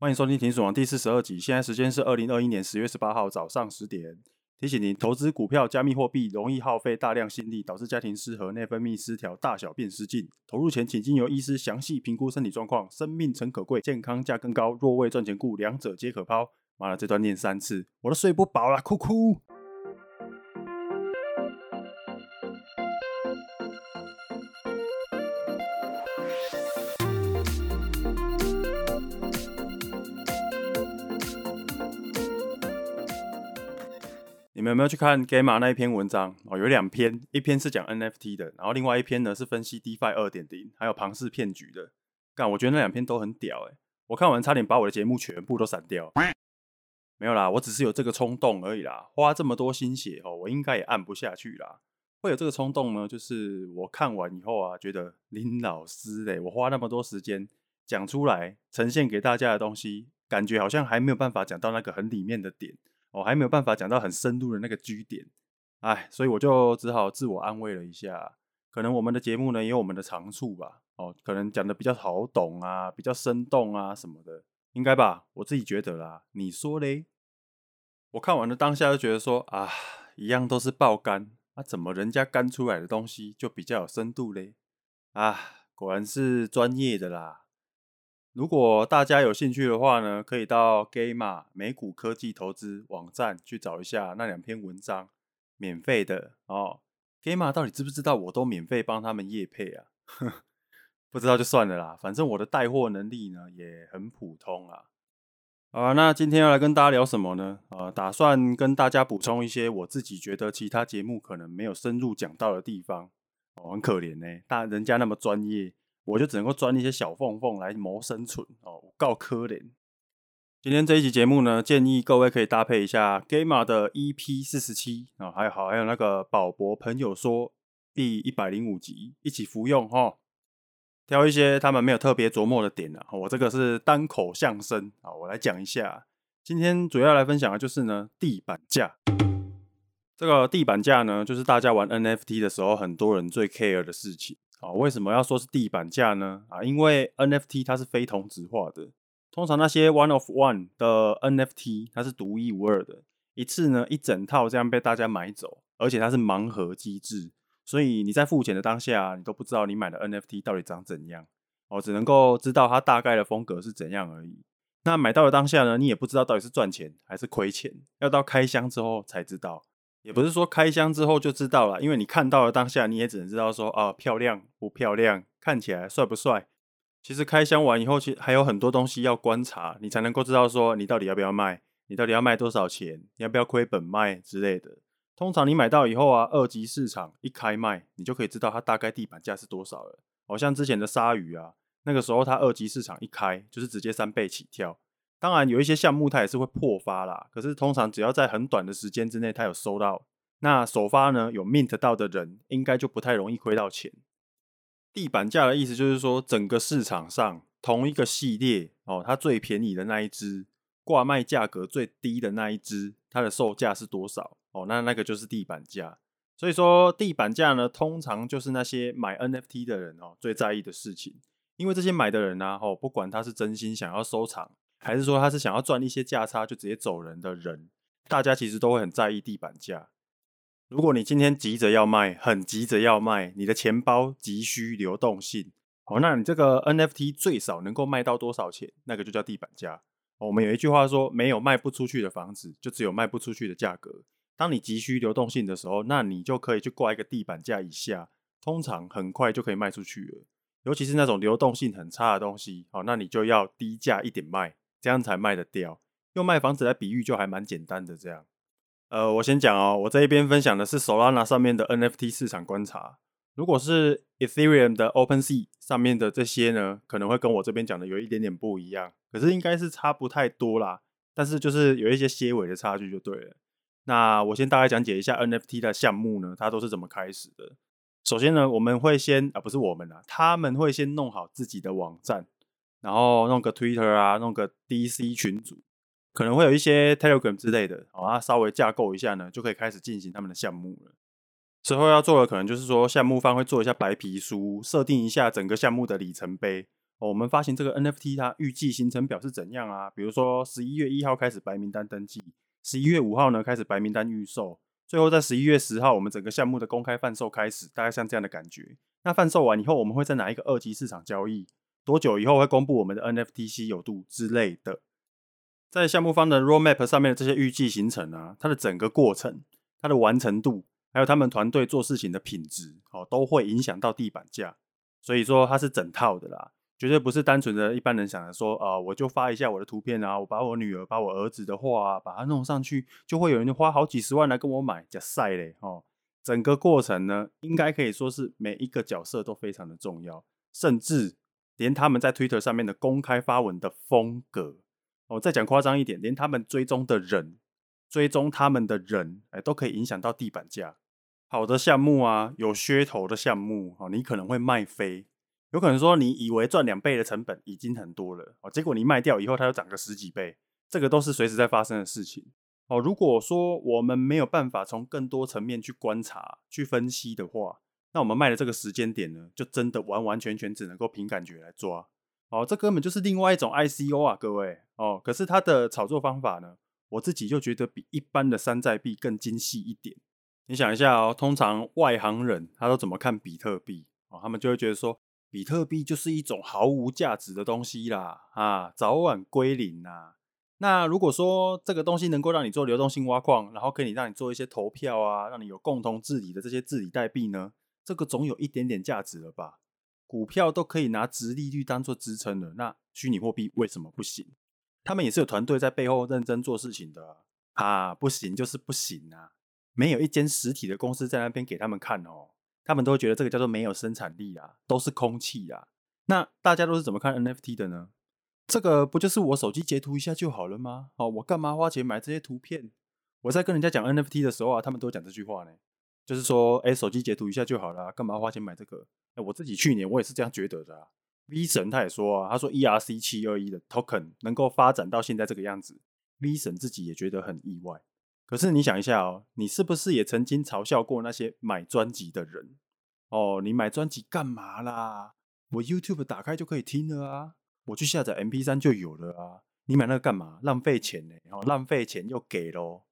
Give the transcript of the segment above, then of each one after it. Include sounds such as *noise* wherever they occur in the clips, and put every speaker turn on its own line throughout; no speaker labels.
歡迎收聽停損王第四十二集，現在時間是二零二一年十月十八號早上十點。提醒您，投資股票、加密貨幣容易耗費大量心力，導致家庭失和、內分泌失調、大小便失禁。投入前，請經由醫師詳細評估身體狀況。生命誠可貴，健康價更高。若為賺錢故，兩者皆可拋。媽了，這段念三次，我都睡不飽啦，哭哭。你們有沒有去看 Gamer 那一篇文章哦？有兩篇，一篇是講 NFT 的，然後另外一篇呢是分析 DeFi 二點零，還有龐氏騙局的。但我覺得那兩篇都很屌，欸、我看完差點把我的節目全部都刪掉。沒有啦，我只是有這個衝動而已啦。花這麼多心血哦，我應該也按不下去啦。會有這個衝動呢，就是我看完以後啊，覺得林老師哎，我花那麼多時間講出來呈現給大家的東西，感覺好像還沒有辦法講到那個很裡面的點。我、哦、還沒有辦法講到很深入的那個據點，唉，所以我就只好自我安慰了一下。可能我們的節目呢也有我們的長處吧，哦，可能講的比較好懂啊，比較生動啊什麼的，應該吧，我自己覺得啦。你說嘞？我看完了當下就覺得說啊，一樣都是爆肝，那、啊、怎麼人家肝出來的東西就比較有深度嘞？啊，果然是專業的啦。如果大家有興趣的話呢，可以到 Gamma 美股科技投資網站去找一下那兩篇文章，免費的哦。Gamma 到底知不知道？我都免費幫他們業配啊， *laughs* 不知道就算了啦。反正我的帶貨能力呢也很普通啊。好、啊，那今天要來跟大家聊什麼呢？呃、啊，打算跟大家補充一些我自己覺得其他節目可能沒有深入講到的地方。哦，很可憐呢、欸，但人家那麼專業。我就只能夠鑽一些小縫縫來謀生存哦，我夠可憐。今天這一期節目呢，建議各位可以搭配一下 Gamer 的 EP 四，哦，十七啊，還有好還有那個寶博朋友說第一百零五集一起服用哈，哦。挑一些他們沒有特別琢磨的點了，啊。我，哦，這個是單口相聲啊，我來講一下。今天主要來分享的就是呢地板價。這個地板價呢，就是大家玩 NFT 的時候，很多人最 care 的事情。啊、哦，為什麼要說是地板價呢？啊，因為 NFT 它是非同質化的，通常那些 one of one 的 NFT 它是獨一無二的，一次呢一整套這樣被大家買走，而且它是盲盒機制，所以你在付錢的當下、啊，你都不知道你買的 NFT 到底長怎樣，哦，只能夠知道它大概的風格是怎樣而已。那買到的當下呢，你也不知道到底是賺錢還是虧錢，要到開箱之後才知道。也不是說開箱之後就知道了，因為你看到了當下，你也只能知道說，哦、啊，漂亮不漂亮，看起來帥不帥。其實開箱完以後，其實還有很多東西要觀察，你才能夠知道說，你到底要不要賣，你到底要賣多少錢，你要不要虧本賣之類的。通常你買到以後啊，二級市場一開賣，你就可以知道它大概地板價是多少了。好、哦、像之前的鯊魚啊，那個時候它二級市場一開，就是直接三倍起跳。當然有一些項目它也是會破發啦，可是通常只要在很短的時間之內，它有收到，那首發呢，有 mint 到的人，應該就不太容易虧到錢。地板價的意思就是說，整個市場上同一個系列哦，它最便宜的那一隻，掛賣價格最低的那一隻，它的售價是多少哦？那那個就是地板價。所以說地板價呢，通常就是那些買 NFT 的人哦最在意的事情，因為這些買的人呢、啊，哦不管他是真心想要收藏，還是說他是想要賺一些價差就直接走人的人？大家其實都會很在意地板價。如果你今天急着要賣，很急着要賣，你的錢包急需流動性，好，那你這個 NFT 最少能夠賣到多少錢？那個就叫地板價。我們有一句話說：沒有賣不出去的房子，就只有賣不出去的價格。當你急需流動性的時候，那你就可以去掛一個地板價以下，通常很快就可以賣出去了。尤其是那種流動性很差的東西，好，那你就要低價一點賣。這樣才賣得掉。用賣房子來比喻就還蠻簡單的。這樣，呃，我先講哦，我這一邊分享的是 Solana 上面的 NFT 市場觀察。如果是 Ethereum 的 OpenSea 上面的這些呢，可能會跟我這邊講的有一點點不一樣，可是應該是差不太多啦。但是就是有一些些微的差距就對了。那我先大概講解一下 NFT 的項目呢，它都是怎麼開始的。首先呢，我們會先啊，不是我們啊，他們會先弄好自己的網站。然後弄個 Twitter 啊，弄個 DC 群組，可能會有一些 Telegram 之類的，啊，哦，它稍微架構一下呢，就可以開始進行他們的項目了。之後要做的可能就是說，項目方會做一下白皮書，設定一下整個項目的里程碑。哦，我們發行這個 NFT 它預計行程表是怎樣啊？比如說十一月一號開始白名單登記，十一月五號呢開始白名單預售，最後在十一月十號我們整個項目的公開販售開始，大概像這樣的感覺。那販售完以後，我們會在哪一個二級市場交易？多久以後會公布我們的 NFT 稀有度之類的？在項目方的 Roadmap 上面的這些預計行程啊，它的整個過程、它的完成度，還有他們團隊做事情的品質，哦，都會影響到地板價。所以說它是整套的啦，絕對不是單純的一般人想的說，啊、呃，我就發一下我的圖片啊，我把我女兒、把我兒子的畫啊，把它弄上去，就會有人花好幾十萬來跟我買假晒嘞哦。整個過程呢，應該可以說是每一個角色都非常的重要，甚至。連他們在 Twitter 上面的公開發文的風格，哦，再講誇張一點，連他們追蹤的人、追蹤他們的人，哎，都可以影響到地板價。好的項目啊，有噱頭的項目，你可能會賣飛，有可能說你以為賺兩倍的成本已經很多了，哦，結果你賣掉以後它又漲個十幾倍，這個都是隨時在發生的事情。哦，如果說我們沒有辦法從更多層面去觀察、去分析的話，那我們賣的這個時間點呢，就真的完完全全只能夠憑感覺來抓哦，這根本就是另外一種 ICO 啊，各位哦。可是它的炒作方法呢，我自己就覺得比一般的山寨幣更精細一點。你想一下哦，通常外行人他都怎麼看比特幣哦？他們就會覺得說，比特幣就是一種毫無價值的東西啦，啊，早晚歸零啊。那如果說這個東西能夠讓你做流動性挖礦，然後可以讓你做一些投票啊，讓你有共同治理的這些治理代幣呢？這個總有一點點價值了吧？股票都可以拿殖利率當做支撐了。那虛擬貨幣為什麼不行？他們也是有團隊在背後認真做事情的啊！啊不行就是不行啊！沒有一間實體的公司在那邊給他們看哦，他們都會覺得這個叫做沒有生產力啊，都是空氣啊。那大家都是怎麼看 NFT 的呢？這個不就是我手機截圖一下就好了嗎？哦，我幹嘛花錢買這些圖片？我在跟人家講 NFT 的時候啊，他們都講這句話呢。就是說，欸、手機截圖一下就好啦、啊。幹嘛花錢買這個、欸？我自己去年我也是這樣覺得的、啊。V 神他也說啊，他說 ERC 七二一的 token 能夠發展到現在這個樣子，V 神自己也覺得很意外。可是你想一下哦，你是不是也曾經嘲笑過那些買專輯的人？哦，你買專輯幹嘛啦？我 YouTube 打開就可以聽了啊，我去下載 MP 三就有了啊，你買那個干嘛？浪費錢呢、欸，然、哦、後浪費錢又給咯。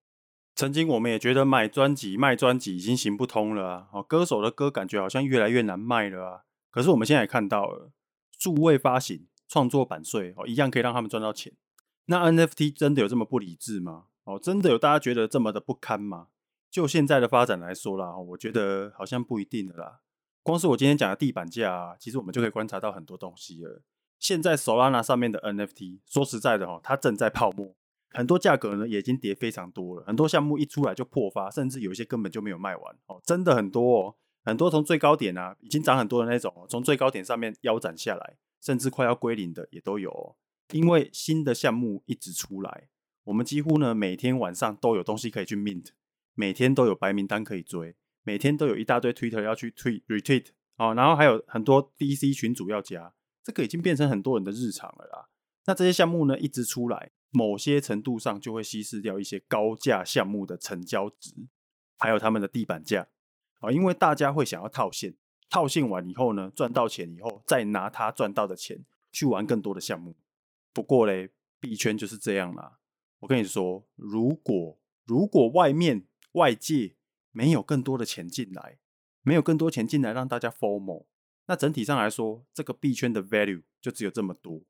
曾經我們也覺得買專輯、賣專輯已經行不通了啊！哦，歌手的歌感覺好像越來越難賣了啊。可是我們現在也看到了，數位發行、創作版稅哦，一樣可以讓他們賺到錢。那 NFT 真的有這麼不理智嗎？哦，真的有大家覺得這麼的不堪嗎？就現在的發展來說啦，我覺得好像不一定的啦。光是我今天講的地板價啊，其實我們就可以觀察到很多東西了。現在 Solana 上面的 NFT，說實在的哈，哦，它正在泡沫。很多價格呢，也已經跌非常多了。很多項目一出來就破發，甚至有一些根本就沒有賣完哦，真的很多、哦。很多從最高點呢、啊，已經漲很多的那種、哦，從最高點上面腰斬下來，甚至快要歸零的也都有、哦。因為新的項目一直出來，我們幾乎呢每天晚上都有東西可以去 mint，每天都有白名單可以追，每天都有一大堆 Twitter 要去 tweet retweet 哦，然後還有很多 DC 群組要加，這個已經變成很多人的日常了啦。那這些項目呢，一直出來。某些程度上就會稀釋掉一些高價項目的成交值，還有他們的地板價啊，因為大家會想要套現，套現完以後呢，賺到錢以後再拿他賺到的錢去玩更多的項目。不過嘞，幣圈就是這樣啦。我跟你說，如果如果外面外界沒有更多的錢進來，沒有更多錢進來讓大家 FOMO，那整體上來說，這個幣圈的 value 就只有這麼多。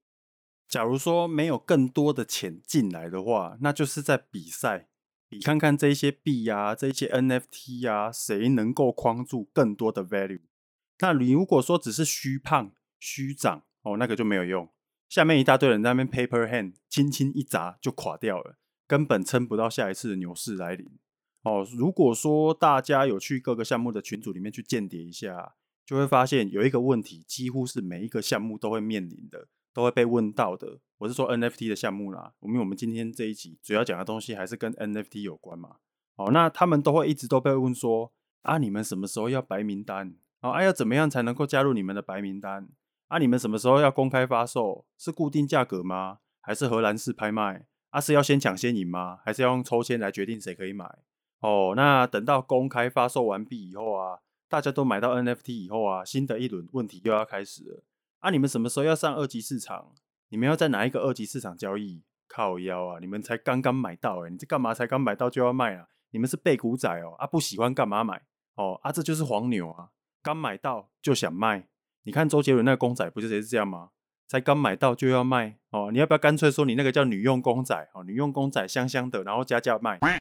假如說沒有更多的錢進來的話，那就是在比賽。你看看這些幣呀、啊，這些 NFT 呀、啊，誰能夠框住更多的 value？那你如果說只是虛胖、虛漲哦，那個就沒有用。下面一大堆人在那邊 paper hand，輕輕一砸就垮掉了，根本撐不到下一次的牛市來臨哦。如果說大家有去各個項目的群組裡面去間諜一下，就會發現有一個問題，幾乎是每一個項目都會面臨的。都會被問到的，我是說 NFT 的項目啦。我們我們今天這一集主要講的東西還是跟 NFT 有關嘛。哦，那他們都會一直都被問說啊，你們什麼時候要白名單？啊，要怎麼樣才能夠加入你們的白名單？啊，你們什麼時候要公開發售？是固定價格嗎？還是荷蘭式拍賣？啊，是要先搶先贏嗎？還是要用抽籤來決定誰可以買？哦，那等到公開發售完畢以後啊，大家都買到 NFT 以後啊，新的一輪問題又要開始了。啊！你們什麼時候要上二級市場？你們要在哪一個二級市場交易？靠腰啊！你們才剛剛買到，欸、你這幹嘛？才剛買到就要賣啊？你們是背骨仔哦啊！不喜歡幹嘛買哦啊？這就是黃牛啊！剛買到就想賣。你看周杰倫那個公仔，不就是這樣嗎？才剛買到就要賣哦。你要不要乾脆說你那個叫女用公仔哦？女用公仔香香的，然後加價賣。嗯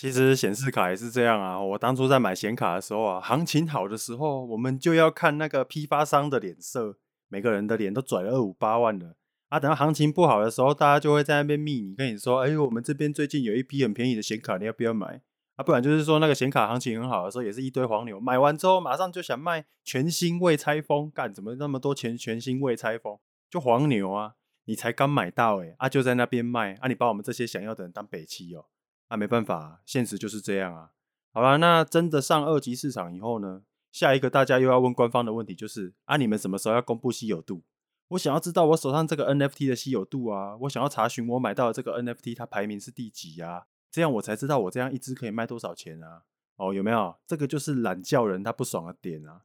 其實顯示卡也是這樣啊！我當初在買顯卡的時候啊，行情好的時候，我們就要看那個批發商的臉色，每個人的臉都轉了二五八萬了。啊，等到行情不好的時候，大家就會在那邊密你，跟你說：“欸，我們這邊最近有一批很便宜的顯卡，你要不要買？”啊，不然就是說那個顯卡行情很好的時候，也是一堆黃牛，買完之後馬上就想賣全新未拆封，幹怎麼那麼多錢全新未拆封？就黃牛啊！你才剛買到欸，啊就在那邊賣，啊你把我們這些想要的人當北七喔。那、啊、沒辦法、啊，現實就是這樣啊。好了，那真的上二級市場以後呢？下一個大家又要問官方的問題就是：啊，你們什麼時候要公布稀有度？我想要知道我手上這個 NFT 的稀有度啊！我想要查詢我買到的這個 NFT 它排名是第幾啊？這樣我才知道我這樣一支可以賣多少錢啊！哦，有沒有？這個就是懶叫人他不爽的、啊、點啊！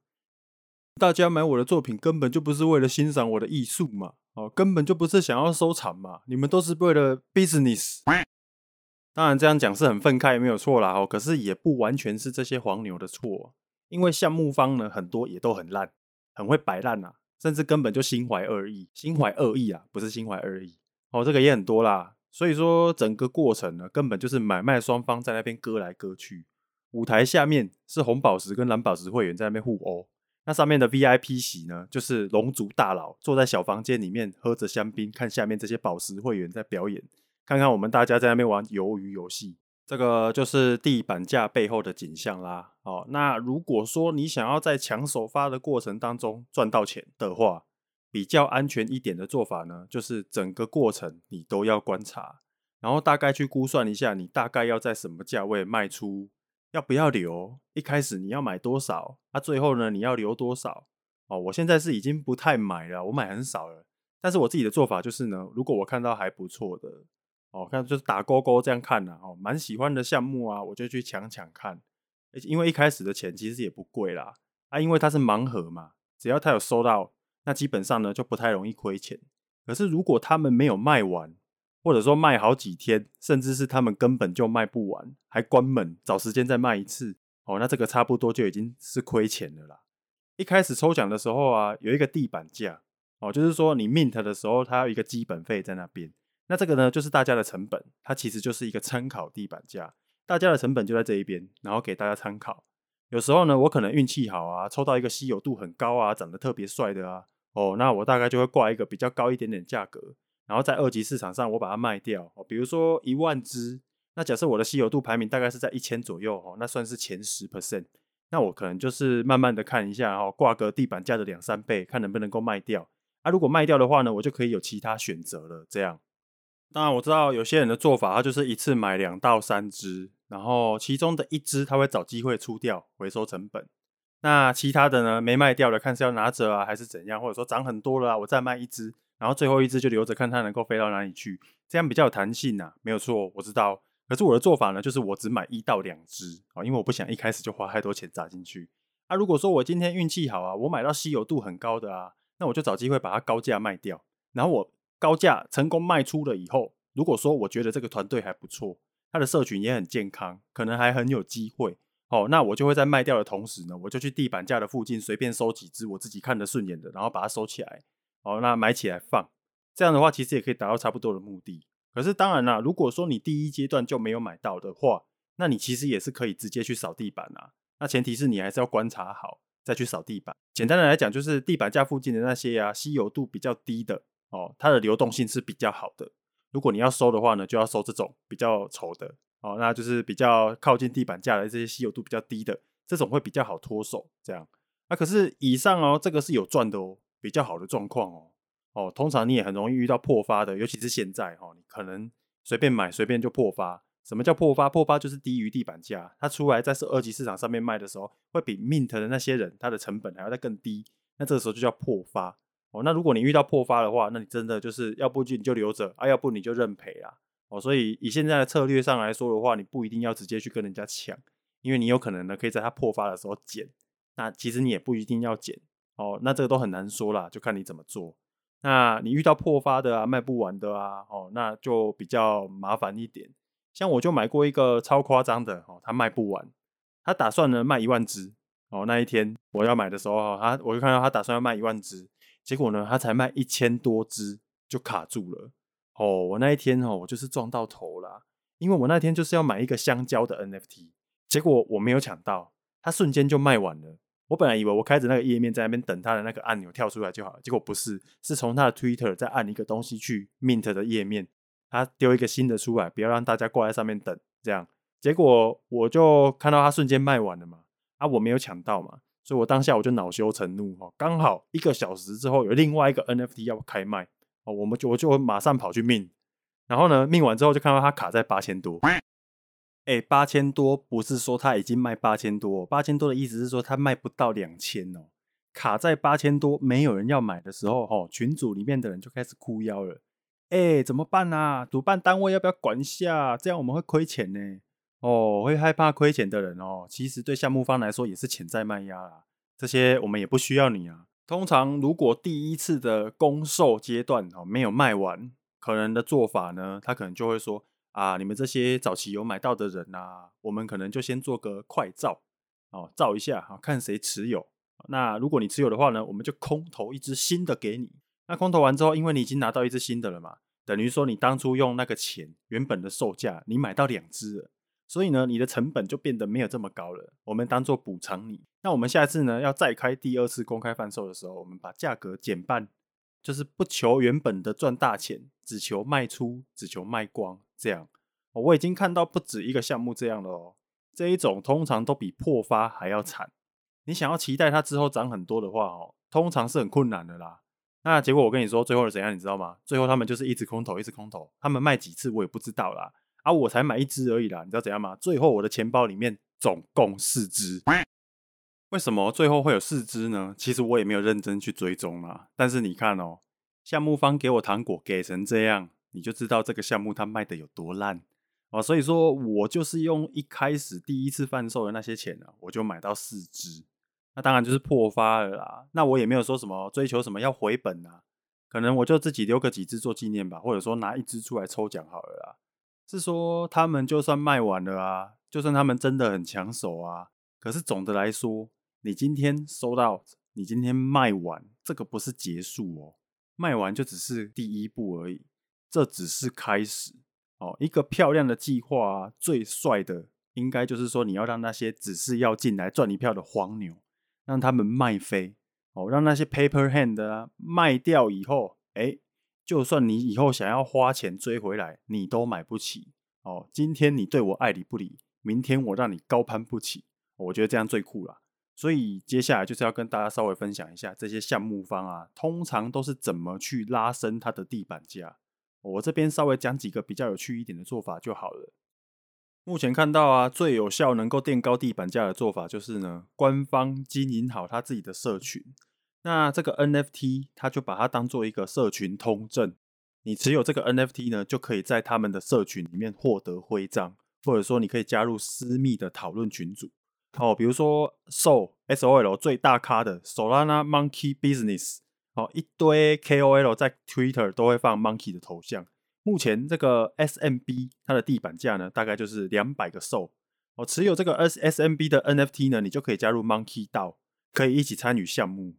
大家買我的作品根本就不是為了欣賞我的藝術嘛！哦，根本就不是想要收藏嘛！你們都是為了 business。當然，這樣講是很憤慨，也沒有錯啦。哦，可是也不完全是這些黃牛的錯，因為項目方呢，很多也都很爛，很會擺爛吶、啊，甚至根本就心懷惡意，心懷惡意啊，不是心懷惡意哦，這個也很多啦。所以說，整個過程呢，根本就是買賣雙方在那邊割來割去，舞台下面是紅寶石跟藍寶石會員在那邊互毆，那上面的 VIP 席呢，就是龍族大佬坐在小房間裡面喝着香檳，看下面這些寶石會員在表演。看看我們大家在那邊玩魷魚遊戲，這個就是地板價背後的景象啦。哦，那如果說你想要在搶首發的過程當中賺到錢的話，比較安全一點的做法呢，就是整個過程你都要觀察，然後大概去估算一下，你大概要在什麼價位賣出，要不要留？一開始你要買多少，啊，那最後呢，你要留多少？哦，我現在是已經不太買了，我買很少了。但是我自己的做法就是呢，如果我看到還不錯的。哦，看就是打勾勾這樣看吶，哦，蠻喜歡的項目啊，我就去搶搶看。因為一開始的錢其實也不貴啦，啊，因為它是盲盒嘛，只要他有收到，那基本上呢就不太容易虧錢。可是如果他們沒有賣完，或者說賣好幾天，甚至是他們根本就賣不完，還關門，找時間再賣一次，哦，那這個差不多就已經是虧錢的啦。一開始抽獎的時候啊，有一個地板價，哦，就是說你 Mint 的時候，它有一個基本費在那邊。那這個呢，就是大家的成本，它其實就是一個參考地板價，大家的成本就在這一邊，然後給大家參考。有時候呢，我可能運氣好啊，抽到一個稀有度很高啊，長得特別帥的啊，哦，那我大概就會掛一個比較高一點點價格，然後在二級市場上我把它賣掉。哦，比如說一萬只，那假設我的稀有度排名大概是在一千左右，哦，那算是前十 percent，那我可能就是慢慢的看一下，哈，掛個地板價的兩三倍，看能不能夠賣掉。啊，如果賣掉的話呢，我就可以有其他選擇了，這樣。當然我知道有些人的做法，他就是一次買兩到三隻，然後其中的一隻他會找機會出掉，回收成本。那其他的呢，沒賣掉的，看是要拿着啊，還是怎樣？或者說漲很多了，啊，我再賣一隻，然後最後一隻就留着，看它能夠飛到哪裡去，這樣比較有彈性吶，啊，沒有錯，我知道。可是我的做法呢，就是我只買一到兩隻啊，因為我不想一開始就花太多錢砸進去。啊，如果說我今天運氣好啊，我買到稀有度很高的啊，那我就找機會把它高價賣掉，然後我。高價成功賣出了以後，如果說我覺得這個團隊還不錯，他的社群也很健康，可能還很有機會，哦，那我就會在賣掉的同時呢，我就去地板價的附近隨便收幾只我自己看得順眼的，然後把它收起來，哦，那買起來放，這樣的話其實也可以達到差不多的目的。可是當然啦、啊，如果說你第一階段就沒有買到的話，那你其實也是可以直接去掃地板啊，那前提是你還是要觀察好再去掃地板。簡單的來講，就是地板價附近的那些呀、啊，稀有度比較低的。哦，它的流動性是比較好的。如果你要收的話呢，就要收這種比較醜的哦，那就是比較靠近地板價的這些稀有度比較低的，這種會比較好脫手。這樣啊，可是以上哦，這個是有賺的哦，比較好的狀況哦。哦，通常你也很容易遇到破發的，尤其是現在哦，你可能隨便買隨便就破發。什麼叫破發？破發就是低於地板價，它出來在是二級市場上面賣的時候，會比 Mint 的那些人它的成本還要再更低。那這個時候就叫破發。哦，那如果你遇到破發的話，那你真的就是要不就你就留着啊，要不你就認賠啊。哦，所以以現在的策略上來說的話，你不一定要直接去跟人家搶，因為你有可能呢可以在他破發的時候撿。那其實你也不一定要撿。哦，那這個都很難說啦，就看你怎麼做。那你遇到破發的啊，賣不完的啊，哦，那就比較麻煩一點。像我就買過一個超誇張的，哦，他賣不完，他打算呢賣一萬只。哦，那一天我要買的時候，哈、哦，他我就看到他打算要賣一萬只。結果呢，他才賣一千多只就卡住了。哦，我那一天哦，我就是撞到頭了啊，因為我那天就是要買一個香蕉的 NFT，結果我沒有搶到，他瞬間就賣完了。我本來以為我開着那個頁面在那邊等他的那個按鈕跳出來就好了，結果不是，是從他的 Twitter 再按一個東西去 mint 的頁面，他丟一個新的出來，不要讓大家掛在上面等，這樣。結果我就看到他瞬間賣完了嘛，啊，我沒有搶到嘛。所以我當下我就惱羞成怒哈，剛好一個小時之後有另外一個 NFT 要開賣，我們就我就會馬上跑去 mint。然後呢 mint 完之後就看到它卡在八千多，哎、欸，八千多不是說它已經賣八千多，八千多的意思是說它賣不到兩千哦，卡在八千多沒有人要買的時候，群組裡面的人就開始哭腰了，哎、欸，怎麼辦啊？主辦單位要不要管一下？這樣我們會虧錢呢、欸。哦，會害怕虧錢的人哦，其實對項目方來說也是潛在賣壓啦。這些我們也不需要你啊。通常如果第一次的公售階段哦，沒有賣完，可能的做法呢，他可能就會說啊，你們這些早期有買到的人吶、啊，我們可能就先做個快照哦，照一下哈，看誰持有。那如果你持有的話呢，我們就空投一支新的給你。那空投完之後，因為你已經拿到一支新的了嘛，等於說你當初用那個錢，原本的售價，你買到兩支了。所以呢，你的成本就變得沒有這麼高了。我們當做補償你。那我們下次呢，要再開第二次公開販售的時候，我們把價格減半，就是不求原本的賺大錢，只求賣出，只求賣光。這樣，哦、我已經看到不止一個項目這樣了哦。這一種通常都比破發還要慘。你想要期待它之後漲很多的話，哦，通常是很困難的啦。那結果我跟你說最後是怎樣，你知道嗎？最後他們就是一直空投，一直空投。他們賣幾次我也不知道啦。啊，我才買一支而已啦，你知道怎樣嗎？最後我的錢包裡面總共四支，為什麼最後會有四支呢？其實我也沒有認真去追蹤啦。但是你看哦、喔，項目方給我糖果給成這樣，你就知道這個項目它賣的有多爛啊。所以說，我就是用一開始第一次販售的那些錢呢、啊，我就買到四支，那當然就是破發了啦。那我也沒有說什麼追求什麼要回本啊，可能我就自己留個幾支做紀念吧，或者說拿一支出來抽獎好了啦。是說，他們就算賣完了啊，就算他們真的很搶手啊，可是總的來說，你今天收到，你今天賣完，這個不是結束哦，賣完就只是第一步而已，這只是開始哦。一個漂亮的計劃啊，最帥的應該就是說，你要讓那些只是要進來賺一票的黃牛，讓他們賣飛哦，讓那些 paper hand 啊，賣掉以後，哎。就算你以後想要花錢追回來，你都買不起哦。今天你對我愛理不理，明天我讓你高攀不起，我覺得這樣最酷啦。所以接下來就是要跟大家稍微分享一下，這些項目方啊，通常都是怎麼去拉升它的地板價。我這邊稍微講幾個比較有趣一點的做法就好了。目前看到啊，最有效能夠墊高地板價的做法就是呢，官方經營好他自己的社群。那這個 NFT 它就把它當做一個社群通證，你持有這個 NFT 呢，就可以在他們的社群裡面獲得徽章，或者說你可以加入私密的討論群組。哦，比如說 SOL、SOL 最大咖的 Solana Monkey Business，哦，一堆 KOL 在 Twitter 都會放 Monkey 的頭像。目前這個 SMB 它的地板價呢，大概就是兩百個 SOL。哦，持有這個 S-SMB 的 NFT 呢，你就可以加入 Monkey DAO，可以一起參與項目。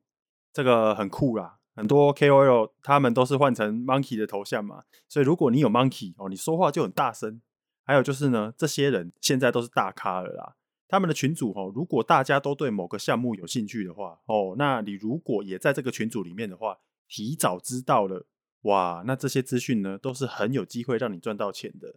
這個很酷啦，很多 KOL 他們都是換成 Monkey 的頭像嘛，所以如果你有 Monkey 哦，你說話就很大聲。還有就是呢，這些人現在都是大咖了啦，他們的群組哦，如果大家都對某個項目有興趣的話哦，那你如果也在這個群組裡面的話，提早知道了哇，那這些資訊呢都是很有機會讓你賺到錢的。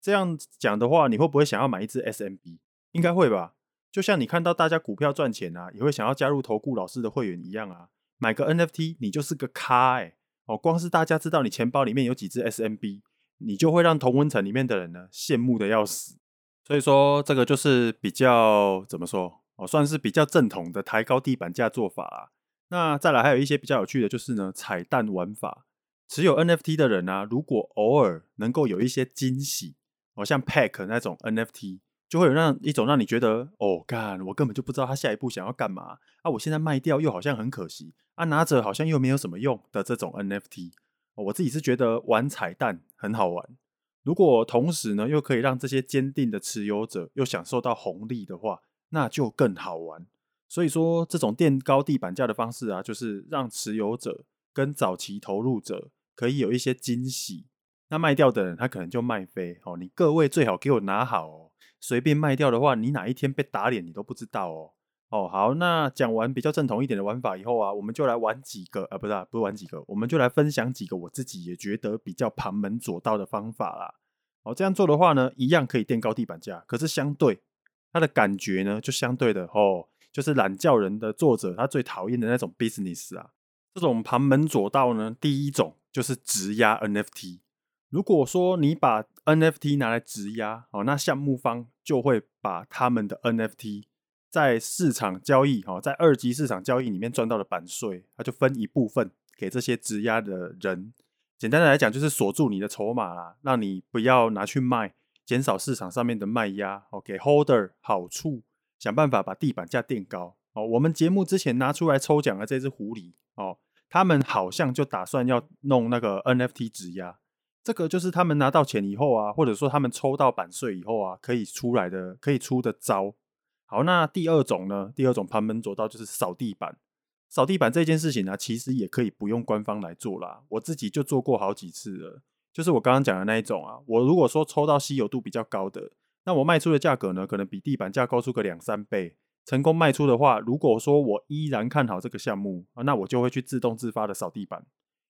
這樣講的話，你會不會想要買一支 SMB？應該會吧，就像你看到大家股票賺錢啊，也會想要加入投顧老師的會員一樣啊。買個 NFT，你就是個咖哎、欸！哦，光是大家知道你錢包裡面有幾支 SMB，你就會讓同溫層裡面的人呢羨慕的要死。所以說，這個就是比較怎麼說哦，算是比較正統的抬高地板價做法啦，啊。那再來，還有一些比較有趣的就是呢，彩蛋玩法。持有 NFT 的人呢，啊，如果偶爾能夠有一些驚喜，哦，像 Pack 那種 NFT。就會有那一種讓你覺得哦，幹我根本就不知道他下一步想要幹嘛啊！我現在賣掉又好像很可惜啊，拿着好像又沒有什麼用的這種 NFT，哦，我自己是覺得玩彩蛋很好玩。如果同時呢又可以讓這些堅定的持有者又享受到紅利的話，那就更好玩。所以說，這種墊高地板價的方式啊，就是讓持有者跟早期投入者可以有一些驚喜。那賣掉的人他可能就賣飛哦，你各位最好給我拿好哦。隨便賣掉的話，你哪一天被打臉你都不知道哦。哦，好，那講完比較正統一點的玩法以後啊，我們就來玩幾個啊、呃，不是、啊，不是玩幾個，我們就來分享幾個我自己也覺得比較旁門左道的方法啦。好、哦，這樣做的話呢，一樣可以墊高地板價，可是相對它的感覺呢，就相對的哦，就是懶教人的作者他最討厭的那種 business 啊。這種旁門左道呢，第一種就是直壓 NFT。如果說你把 NFT 拿來質押，哦，那項目方就會把他們的 NFT 在市場交易，在二級市場交易裡面賺到的版稅，它就分一部分給這些質押的人。簡單的來講，就是鎖住你的籌碼啦，讓你不要拿去賣，減少市場上面的賣壓，哦，給 Holder 好處，想辦法把地板價墊高。哦，我們節目之前拿出來抽獎的這只狐狸，哦，他們好像就打算要弄那個 NFT 質押。這個就是他們拿到錢以後啊，或者說他們抽到版稅以後啊，可以出來的，可以出的招。好，那第二種呢，第二種旁門左道就是掃地板。掃地板這件事情呢啊，其實也可以不用官方來做啦，我自己就做過好幾次了。就是我剛剛講的那一種啊，我如果說抽到稀有度比較高的，那我賣出的價格呢，可能比地板價高出個兩三倍。成功賣出的話，如果說我依然看好這個項目，那我就會去自動自發的掃地板。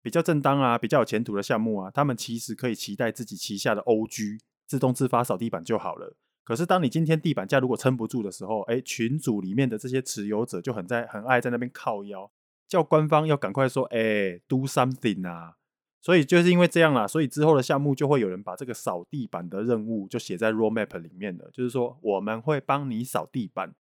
比較正當啊，比較有前途的項目啊，他們其實可以期待自己旗下的 OG 自動自發掃地板就好了。可是當你今天地板價如果撐不住的時候，哎、欸，群組裡面的這些持有者就很在很愛在那邊靠腰，叫官方要趕快說，哎、欸，do something 啊。所以就是因為這樣啦，所以之後的項目就會有人把這個掃地板的任務就寫在 roadmap 裡面了，就是說我們會幫你掃地板。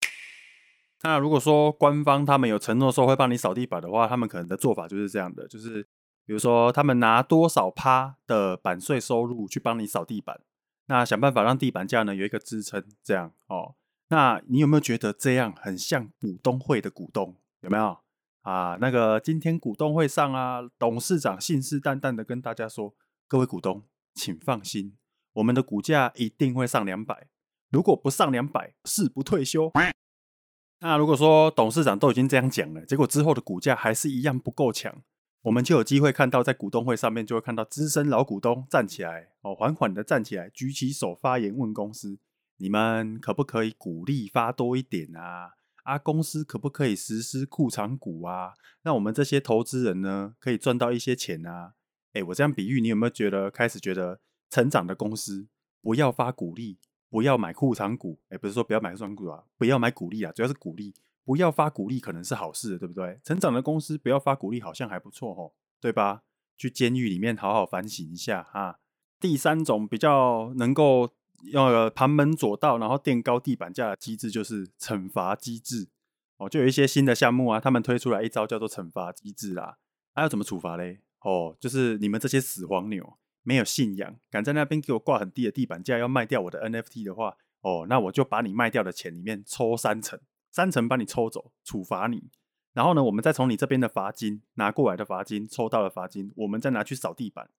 那如果說官方他們有承諾說會幫你掃地板的話，他們可能的做法就是這樣的，就是。比如說，他們拿多少趴的版稅收入去幫你掃地板？那想辦法讓地板價呢有一個支撐，這樣哦。那你有沒有覺得這樣很像股東會的股東？有沒有啊？那個今天股東會上啊，董事長信誓旦旦的跟大家說：“各位股東，請放心，我們的股價一定會上兩百。如果不上兩百，誓不退休。”那如果說董事長都已經這樣講了，結果之後的股價還是一樣不夠強。我們就有機會看到，在股東會上面，就會看到資深老股東站起來，哦，緩緩的站起來，舉起手發言，問公司，你們可不可以股利發多一點啊？啊，公司可不可以實施庫藏股啊？讓我們這些投資人呢，可以賺到一些錢啊？哎，我這樣比喻，你有沒有覺得開始覺得成長的公司不要發股利，不要買庫藏股？哎，不是說不要買庫藏股啊，不要買股利啊，主要是股利。不要發股利可能是好事，對不對？成長的公司不要發股利好像還不錯吼，對吧？去監獄裡面好好反省一下哈、啊。第三種比較能夠用旁門左道，然後墊高地板價的機制就是懲罰機制哦。就有一些新的項目啊，他們推出來一招叫做懲罰機制啦，那、啊、要怎麼處罰嘞？哦，就是你們這些死黃牛，沒有信仰，敢在那邊給我掛很低的地板價要賣掉我的 NFT 的話，哦，那我就把你賣掉的錢裡面抽三成。三成把你抽走，處罰你，然後呢，我們再從你這邊的罰金拿過來的罰金，抽到的罰金，我們再拿去掃地板，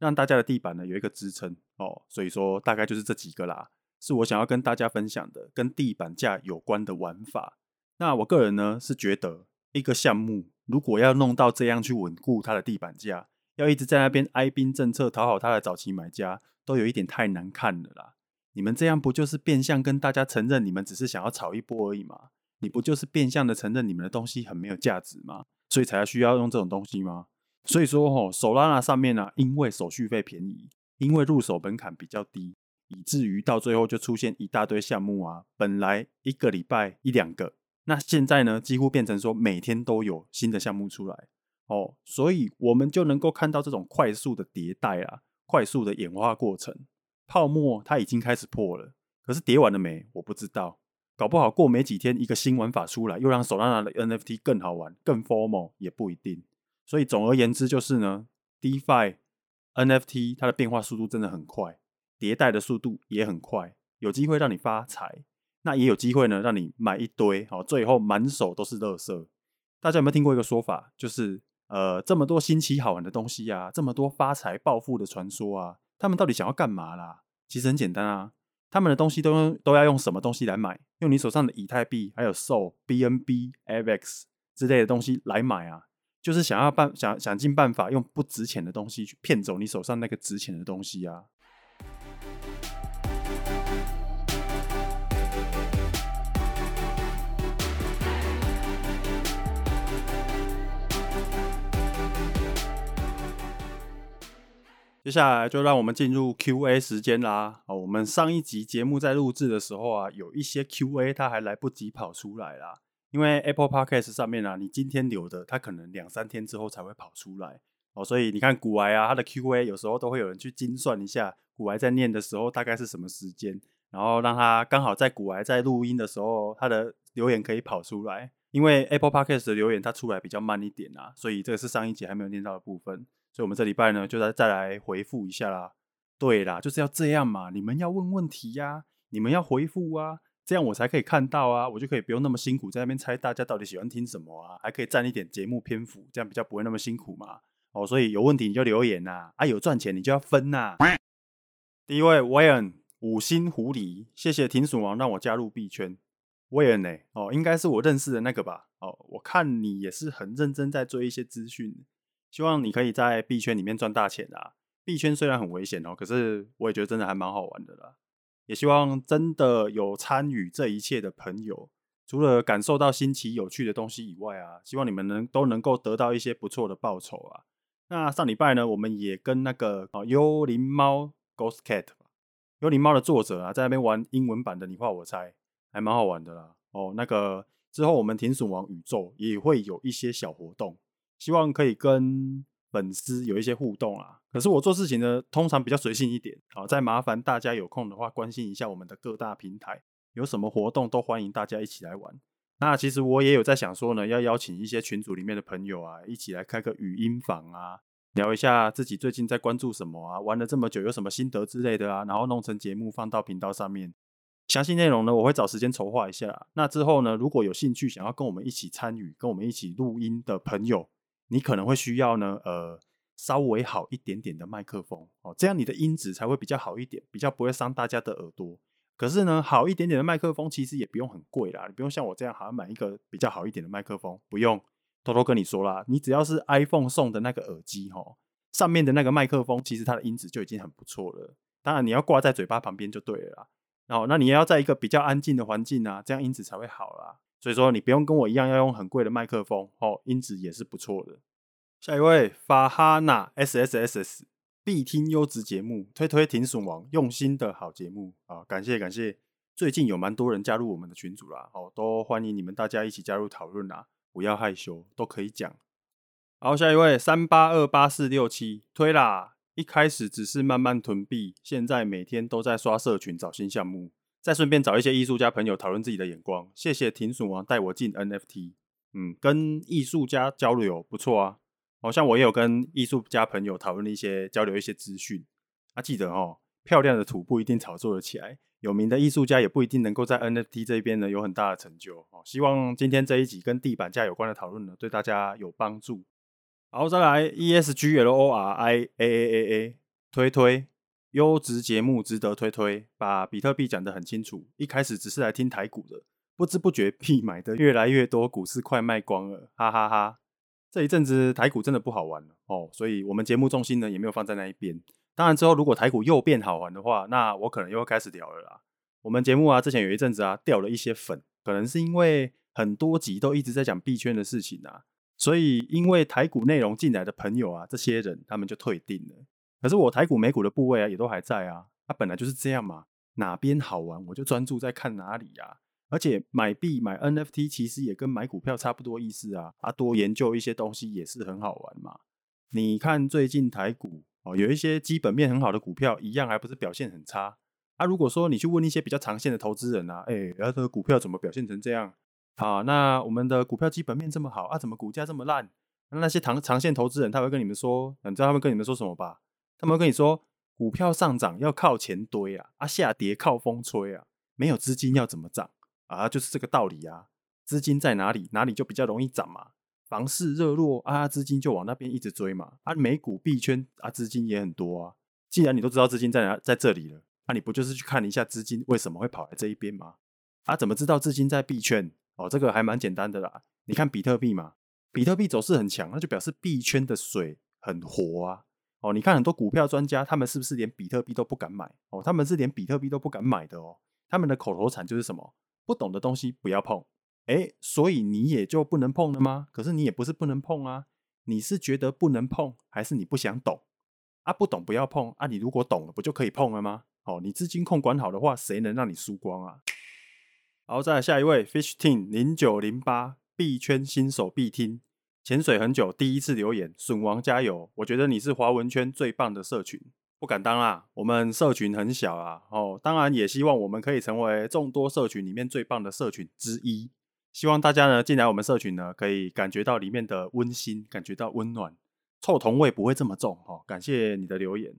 讓大家的地板呢有一個支撐哦。所以說，大概就是這幾個啦，是我想要跟大家分享的跟地板價有關的玩法。那我個人呢是覺得，一個項目如果要弄到這樣去穩固它的地板價，要一直在那邊哀兵政策討好它的早期買家，都有一點太難看了啦。你們這樣不就是變相跟大家承認，你們只是想要炒一波而已嗎？你不就是變相的承認你們的東西很沒有價值嗎？所以才需要用這種東西嗎？所以說吼、哦，Solana 上面呢、啊，因為手續費便宜，因為入手門檻比較低，以至於到最後就出現一大堆項目啊。本來一個禮拜一兩個，那現在呢，幾乎變成說每天都有新的項目出來哦。所以我們就能夠看到這種快速的迭代啊，快速的演化過程。泡沫它已經開始破了，可是跌完了沒？我不知道。搞不好過沒幾天，一個新玩法出來，又讓 Solana 的 NFT 更好玩、更 formal 也不一定。所以總而言之，就是呢，DeFi、NFT 它的變化速度真的很快，迭代的速度也很快。有機會讓你發財，那也有機會呢，讓你買一堆，好、哦、最後滿手都是垃圾。大家有沒有聽過一個說法，就是呃，這麼多新奇好玩的東西啊，這麼多發財暴富的傳說啊，他們到底想要幹嘛啦？其實很簡單啊。他們的東西都用都要用什麼東西來買？用你手上的以太幣，還有 SOL、BNB、AVAX 之類的東西來買啊！就是想要辦想想盡辦法用不值錢的東西去騙走你手上那個值錢的東西啊。接下來就讓我們進入 Q&A 時間啦！哦，我們上一集節目在錄制的時候啊，有一些 Q&A 它還來不及跑出來啦。因為 Apple Podcast 上面啊，你今天留的，它可能兩三天之後才會跑出來哦。所以你看股癌啊，他的 Q&A 有時候都會有人去精算一下股癌在念的時候大概是什麼時間，然後讓他剛好在股癌在錄音的時候，他的留言可以跑出來。因為 Apple Podcast 的留言它出來比較慢一點啦，所以這個是上一集還沒有念到的部分。所以，我們這禮拜呢，就再再來回覆一下啦。對啦，就是要這樣嘛。你們要問問題呀、啊，你們要回覆啊，這樣我才可以看到啊，我就可以不用那麼辛苦在那邊猜大家到底喜歡聽什麼啊，還可以占一點節目篇幅，這樣比較不會那麼辛苦嘛。哦，所以有問題你就留言吶、啊，啊，有賺錢你就要分吶、啊。第一位 Wayne 五星狐狸，謝謝停損王讓我加入幣圈 Wayne 呢？哦，應該是我認識的那個吧？哦，我看你也是很認真在追一些資訊。希望你可以在幣圈裡面賺大錢啊！幣圈雖然很危險哦，可是我也覺得真的還蠻好玩的啦。也希望真的有參與這一切的朋友，除了感受到新奇有趣的東西以外啊，希望你們能都能夠得到一些不錯的報酬啊。那上禮拜呢，我們也跟那個幽靈貓 Ghost Cat 吧，幽靈貓的作者啊，在那邊玩英文版的你畫我猜，還蠻好玩的啦。哦，那個之後我們停損王宇宙也會有一些小活動。希望可以跟粉絲有一些互動啊，可是我做事情呢，通常比較隨性一點好，啊，再麻煩大家有空的話，關心一下我們的各大平台有什麼活動，都歡迎大家一起來玩。那其實我也有在想說呢，要邀請一些群組裡面的朋友啊，一起來開個語音房啊，聊一下自己最近在關注什麼啊，玩了這麼久有什麼心得之類的啊，然後弄成節目放到頻道上面。詳細內容呢，我會找時間籌劃一下。那之後呢，如果有興趣想要跟我們一起參與，跟我們一起錄音的朋友，你可能會需要呢，呃，稍微好一點點的麥克風哦，這樣你的音質才會比較好一點，比較不會傷大家的耳朵。可是呢，好一點點的麥克風其實也不用很貴啦，你不用像我這樣，好像買一個比較好一點的麥克風，不用。偷偷跟你說啦，你只要是 iPhone 送的那個耳機哦，上面的那個麥克風，其實它的音質就已經很不錯了。當然你要掛在嘴巴旁邊就對了啦。哦，那你要在一個比較安靜的環境啊，這樣音質才會好啦。所以說，你不用跟我一樣要用很貴的麥克風，哦，音質也是不錯的。下一位，Fahana SSSS，必聽優質節目，推推停損王，用心的好節目啊，感謝感謝。最近有蠻多人加入我們的群組啦，哦，都歡迎你們大家一起加入討論啦，不要害羞，都可以講。好，下一位，三八二八四六七，推啦。一開始只是慢慢囤幣，現在每天都在刷社群找新項目。再順便找一些藝術家朋友討論自己的眼光，謝謝停損王帶我進 NFT，嗯，跟藝術家交流不錯啊，好、哦、像我也有跟藝術家朋友討論一些交流一些資訊啊，記得哦，漂亮的圖，不一定炒作得起來，有名的藝術家也不一定能夠在 NFT 這邊呢有很大的成就哦。希望今天這一集跟地板價有關的討論呢，對大家有幫助。好，再來 E S G L O R I A A A A 推推。優質節目值得推推，把比特幣講得很清楚。一開始只是來聽台股的，不知不覺幣買的越來越多，股市快賣光了，哈哈哈哈。這一陣子台股真的不好玩了哦，所以我們節目重心呢也沒有放在那一邊。當然之後如果台股又變好玩的話，那我可能又要開始聊了啦。我們節目啊，之前有一陣子啊掉了一些粉，可能是因為很多集都一直在講幣圈的事情啊，所以因為台股內容進來的朋友啊，這些人他們就退訂了。可是我台股美股的部位啊，也都還在啊。它、啊、本來就是這樣嘛，哪邊好玩我就專注在看哪裡呀、啊。而且買幣買 NFT 其實也跟買股票差不多意思啊。啊，多研究一些東西也是很好玩嘛。你看最近台股哦，有一些基本面很好的股票，一樣還不是表現很差。啊，如果說你去問一些比較長線的投資人吶、啊，哎，他、啊、的股票怎麼表現成這樣？好、啊，那我們的股票基本面這麼好啊，怎麼股價這麼爛？那，那些長長線投資人他會跟你們說，你知道他們跟你們說什麼吧？他們會跟你說，股票上漲要靠錢堆啊，啊，下跌靠風吹啊，沒有資金要怎麼漲啊？就是這個道理啊。資金在哪裡，哪裡就比較容易漲嘛。房市熱絡啊，資金就往那邊一直追嘛。啊，美股幣圈啊，資金也很多啊。既然你都知道資金在哪，在這裡了，那、啊、你不就是去看一下資金為什麼會跑來這一邊嗎？啊，怎麼知道資金在幣圈？哦，這個還蠻簡單的啦。你看比特幣嘛，比特幣走勢很強，那就表示幣圈的水很活啊。哦，你看很多股票專家，他們是不是連比特幣都不敢買？哦，他們是連比特幣都不敢買的哦。他們的口頭禪就是什麼？不懂的東西不要碰。哎、欸，所以你也就不能碰了嗎？可是你也不是不能碰啊，你是覺得不能碰，還是你不想懂？啊，不懂不要碰啊。你如果懂了，不就可以碰了嗎？哦，你資金控管好的話，誰能讓你輸光啊？好，再來下一位，Fish Team 零九零八，幣圈新手必聽。潛水很久，第一次留言，損王加油！我覺得你是華文圈最棒的社群，不敢當啊！我們社群很小啊，哦，當然也希望我們可以成為眾多社群裡面最棒的社群之一。希望大家呢進來我們社群呢，可以感覺到裡面的溫馨，感覺到溫暖。臭銅味不會這麼重哦！感謝你的留言。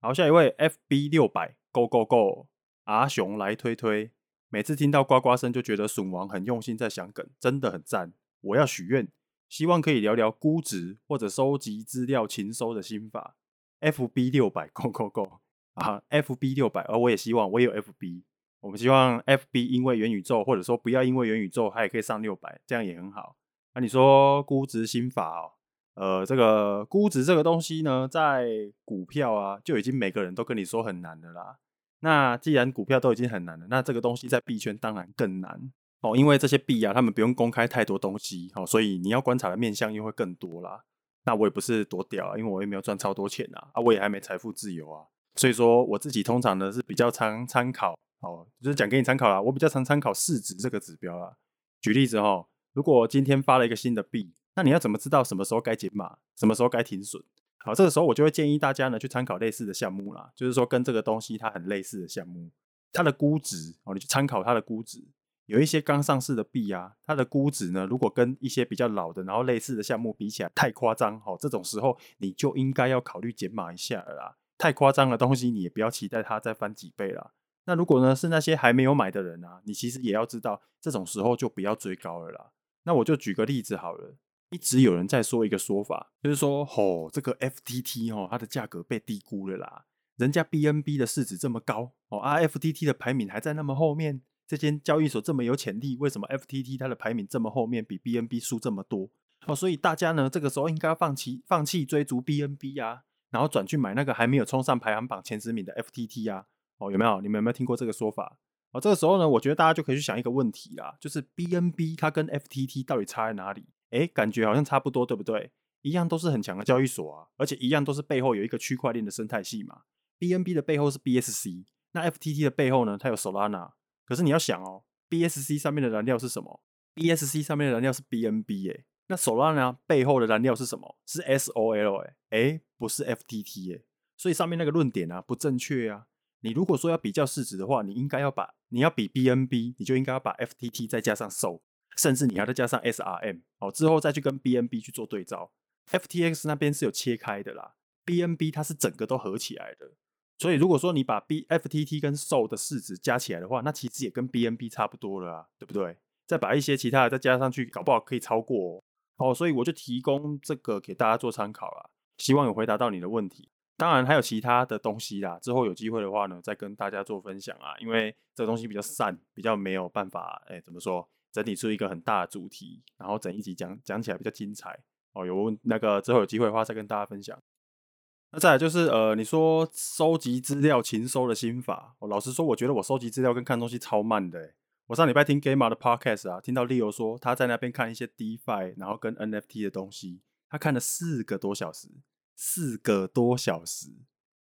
好，下一位 FB 六百 Go Go Go，阿雄來推推。每次聽到呱呱聲，就覺得損王很用心在想梗，真的很讚。我要許願。希望可以聊聊估值或者收集資料、勤收的心法。F B 六百，Go Go Go 啊！F B 六百，而、哦、我也希望我也有 F B。我們希望 F B，因為元宇宙，或者說不要因為元宇宙，它也可以上六百，這樣也很好。那、啊、你說估值心法哦？呃，這個估值這個東西呢，在股票啊，就已經每個人都跟你說很難的啦。那既然股票都已經很難了，那這個東西在幣圈當然更難。哦，因為這些幣啊，他們不用公開太多東西，哦，所以你要觀察的面向又會更多啦。那我也不是多屌啊，因為我也沒有賺超多錢啊，啊，我也還沒財富自由啊。所以說，我自己通常呢是比較常參考，哦，就是講給你參考啦。我比較常參考市值這個指標啦。舉例子哈、哦，如果我今天發了一個新的幣，那你要怎麼知道什麼時候該解碼，什麼時候該停損？好，這個時候我就會建議大家呢去參考類似的項目啦，就是說跟這個東西它很類似的項目，它的估值哦，你去參考它的估值。有一些剛上市的幣啊，它的估值呢，如果跟一些比較老的，然後類似的項目比起來太誇張，哦，這種時候你就應該要考慮減碼一下了啦。太誇張的東西，你也不要期待它再翻幾倍了。那如果呢是那些還沒有買的人啊，你其實也要知道，這種時候就不要追高了啦。那我就舉個例子好了，一直有人在說一個說法，就是說哦，這個 F T T 哦，它的價格被低估了啦，人家 B N B 的市值這麼高哦，而、啊、F T T 的排名還在那麼後面。這間交易所這麼有潛力，為什麼 FTT 它的排名這麼後面，比 BNB 輸這麼多？哦，所以大家呢，這個時候應該放棄放棄追逐 BNB 呀、啊，然後轉去買那個還沒有衝上排行榜前十名的 FTT 呀、啊。哦，有沒有？你們有沒有聽過這個說法？哦，這個時候呢，我覺得大家就可以去想一個問題啦，就是 BNB 它跟 FTT 到底差在哪裡？哎，感覺好像差不多，對不對？一樣都是很強的交易所啊，而且一樣都是背後有一個區塊鏈的生態系嘛。BNB 的背後是 BSC，那 FTT 的背後呢，它有 Solana。可是你要想哦，BSC 上面的燃料是什麼？BSC 上面的燃料是 BNB 哎、欸，那 Solana 呢背後的燃料是什麼？是 Sol 哎、欸欸，不是 FTT 哎、欸，所以上面那個論點啊，不正確啊。你如果說要比較市值的話，你應該要把你要比 BNB，你就應該要把 FTT 再加上 Sol，甚至你還要再加上 SRM，好、哦，之後再去跟 BNB 去做對照。FTX 那邊是有切開的啦，BNB 它是整個都合起來的。所以如果說你把 BFTT 跟 Sol 的市值加起來的話，那其實也跟 BNB 差不多了啊，對不對？再把一些其他的再加上去，搞不好可以超過哦。哦，所以我就提供這個給大家做參考了，希望有回答到你的問題。當然還有其他的東西啦，之後有機會的話呢，再跟大家做分享啊。因為這個東西比較散，比較沒有辦法，誒怎麼說，整理出一個很大的主題，然後整一集講講起來比較精彩哦。有問那個之後有機會的話，再跟大家分享。那再來就是呃，你說收集資料勤收的心法。我、哦、老實說，我覺得我收集資料跟看東西超慢的。我上禮拜聽 Gamer 的 Podcast 啊，聽到 Leo 說他在那邊看一些 DeFi，然後跟 NFT 的東西，他看了四個多小時，四個多小時，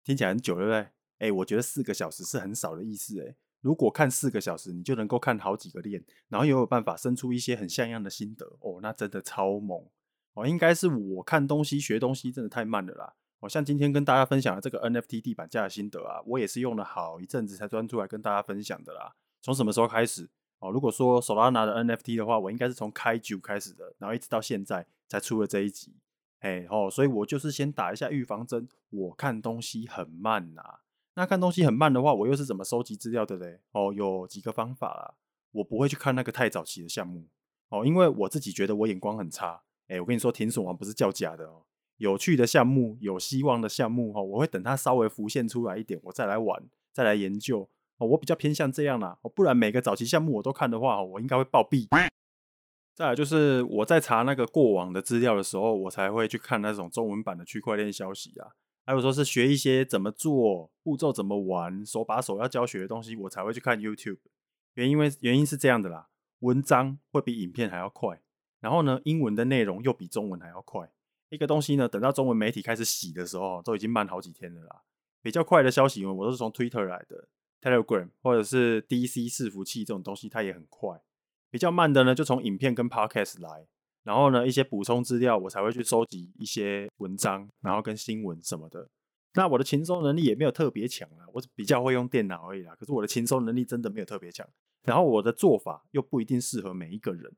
聽起來很久對不對？哎、欸，我覺得四個小時是很少的意思哎。如果看四個小時，你就能夠看好幾個鏈，然後又有辦法生出一些很像樣的心得哦，那真的超猛哦。應該是我看東西學東西真的太慢了啦。好、哦、像今天跟大家分享的這個 NFT 地板價的心得啊，我也是用了好一陣子才鑽出來跟大家分享的啦。從什麼時候開始？哦，如果說 Solana 的 NFT 的話，我應該是從 Kaiju 開始的，然後一直到現在才出了這一集。哎、欸，哦，所以我就是先打一下預防針。我看東西很慢吶、啊，那看東西很慢的話，我又是怎麼收集資料的嘞？哦，有幾個方法啦、啊。我不會去看那個太早期的項目，哦，因為我自己覺得我眼光很差。哎、欸，我跟你說，停損王不是叫假的哦。有趣的項目、有希望的項目哈，我會等它稍微浮現出來一點，我再來玩、再來研究哦。我比較偏向這樣啦，不然每個早期項目我都看的話，我應該會暴斃。嗯。再來就是我在查那個過往的資料的時候，我才會去看那種中文版的區塊鏈消息啊，還有說是學一些怎麼做、步驟怎麼玩、手把手要教學的東西，我才會去看 YouTube。原因為原因是這樣的啦，文章會比影片還要快，然後呢，英文的內容又比中文還要快。一個東西呢，等到中文媒體開始洗的時候，都已經慢好幾天了啦。比較快的消息，我都是從 Twitter 來的、Telegram 或者是 DC 伺服器這種東西，它也很快。比較慢的呢，就從影片跟 Podcast 來，然後呢，一些補充資料我才會去收集一些文章，然後跟新聞什麼的。那我的情搜能力也沒有特別強啦，我比較會用電腦而已啦。可是我的情搜能力真的沒有特別強。然後我的做法又不一定適合每一個人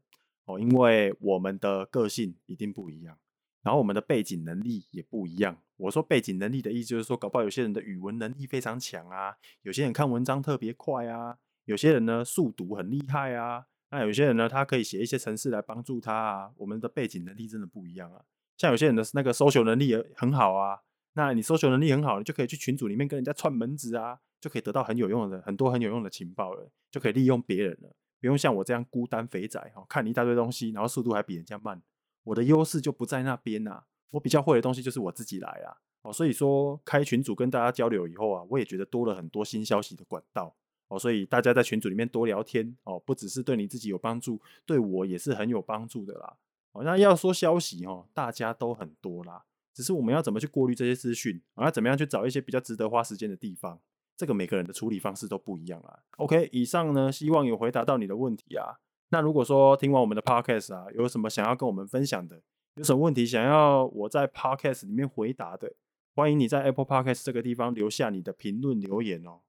哦，因為我們的個性一定不一樣。然後我們的背景能力也不一樣。我說背景能力的意思就是說，搞不好有些人的語文能力非常強啊，有些人看文章特別快啊，有些人呢速讀很厲害啊。那有些人呢，他可以寫一些程式來幫助他啊。我們的背景能力真的不一樣啊。像有些人的那個搜求能力也很好啊。那你搜求能力很好啊，你，你就可以去群組裡面跟人家串門子啊，就可以得到很有用的很多很有用的情報了，就可以利用別人了，不用像我這樣孤單肥宅哈，看一大堆東西，然後速度還比人家慢。我的優勢就不在那邊啊，我比較會的東西就是我自己來啊，哦，所以說開群組跟大家交流以後啊，我也覺得多了很多新消息的管道哦，所以大家在群組裡面多聊天哦，不只是對你自己有幫助，對我也是很有幫助的啦。哦，那要說消息哦，大家都很多啦，只是我們要怎麼去過濾這些資訊，啊，要怎麼樣去找一些比較值得花時間的地方，這個每個人的處理方式都不一樣啦。OK，以上呢，希望有回答到你的問題啊。那如果說聽完我們的 podcast 啊，有什麼想要跟我們分享的，有什麼問題想要我在 podcast 裡面回答的，歡迎你在 Apple Podcast 這個地方留下你的評論留言哦，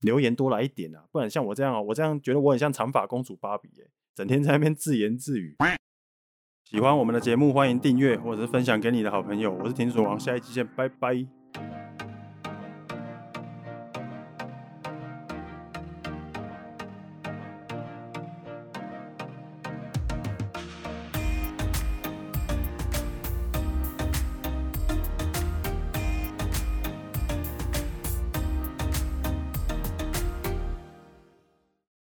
留言多來一點啊，不然像我這樣啊、哦，我這樣覺得我很像長髮公主芭比，耶，整天在那邊自言自語。喜歡我們的節目，歡迎訂閱或者是分享給你的好朋友。我是停損王，下一期見，拜拜。